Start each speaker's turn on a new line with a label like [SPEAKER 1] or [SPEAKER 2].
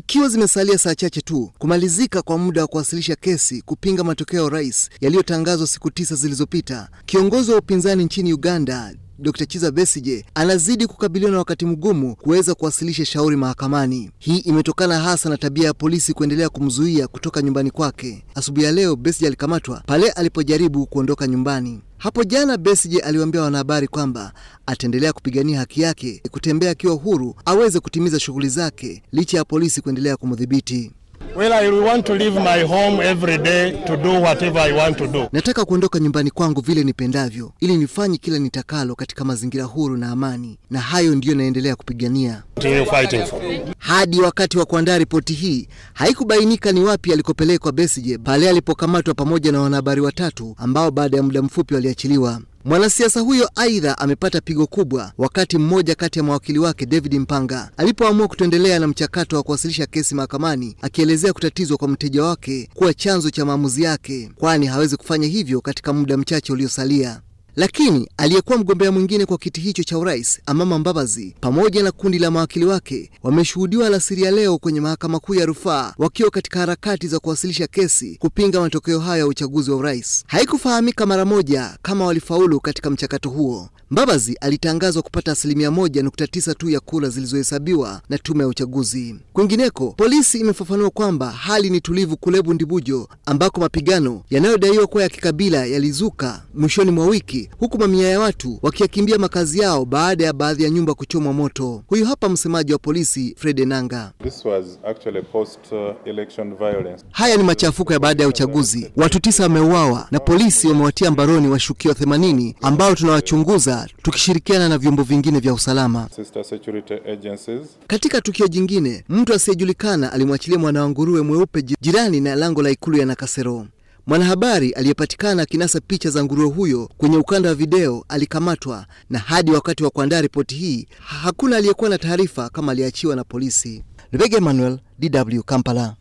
[SPEAKER 1] Ikiwa zimesalia saa chache tu kumalizika kwa muda wa kuwasilisha kesi kupinga matokeo ya urais yaliyotangazwa siku tisa zilizopita, kiongozi wa upinzani nchini Uganda Dr. chiza Besije anazidi kukabiliwa na wakati mgumu kuweza kuwasilisha shauri mahakamani. Hii imetokana hasa na tabia ya polisi kuendelea kumzuia kutoka nyumbani kwake. Asubuhi ya leo, Besije alikamatwa pale alipojaribu kuondoka nyumbani. Hapo jana Besigye aliwaambia wanahabari kwamba ataendelea kupigania haki yake kutembea akiwa huru, aweze kutimiza shughuli zake licha ya polisi kuendelea kumdhibiti. Well, I want to leave my home every day to do whatever I want to do. Nataka kuondoka nyumbani kwangu vile nipendavyo ili nifanye kila nitakalo katika mazingira huru na amani, na hayo ndiyo naendelea kupigania hadi wakati wa kuandaa ripoti hii. Haikubainika ni wapi alikopelekwa Besigye pale alipokamatwa pamoja na wanahabari watatu ambao baada ya muda mfupi waliachiliwa. Mwanasiasa huyo aidha amepata pigo kubwa wakati mmoja kati ya mawakili wake David Mpanga alipoamua kutoendelea na mchakato wa kuwasilisha kesi mahakamani, akielezea kutatizwa kwa mteja wake kuwa chanzo cha maamuzi yake, kwani hawezi kufanya hivyo katika muda mchache uliosalia. Lakini aliyekuwa mgombea mwingine kwa kiti hicho cha urais Amama Mbabazi pamoja na kundi la mawakili wake wameshuhudiwa alasiri ya leo kwenye mahakama kuu ya rufaa wakiwa katika harakati za kuwasilisha kesi kupinga matokeo hayo ya uchaguzi wa urais. Haikufahamika mara moja kama walifaulu katika mchakato huo. Mbabazi alitangazwa kupata asilimia moja nukta tisa tu ya kura zilizohesabiwa na tume ya uchaguzi. Kwingineko, polisi imefafanua kwamba hali ni tulivu kule Bundibujo ambako mapigano yanayodaiwa kuwa ya kikabila yalizuka mwishoni mwa wiki huku mamia ya watu wakiyakimbia makazi yao baada ya baadhi ya nyumba kuchomwa moto. Huyu hapa msemaji wa polisi Fred Enanga. Haya ni machafuko ya baada ya uchaguzi. Watu tisa wameuawa na polisi wamewatia mbaroni washukiwa 80 ambao tunawachunguza tukishirikiana na vyombo vingine vya usalama. Katika tukio jingine, mtu asiyejulikana alimwachilia mwana wa nguruwe mweupe jirani na lango la ikulu ya Nakasero. Mwanahabari aliyepatikana akinasa picha za nguruwe huyo kwenye ukanda wa video alikamatwa, na hadi wakati wa kuandaa ripoti hii hakuna aliyekuwa na taarifa kama aliachiwa na polisi. Rebeka Emmanuel, DW, Kampala.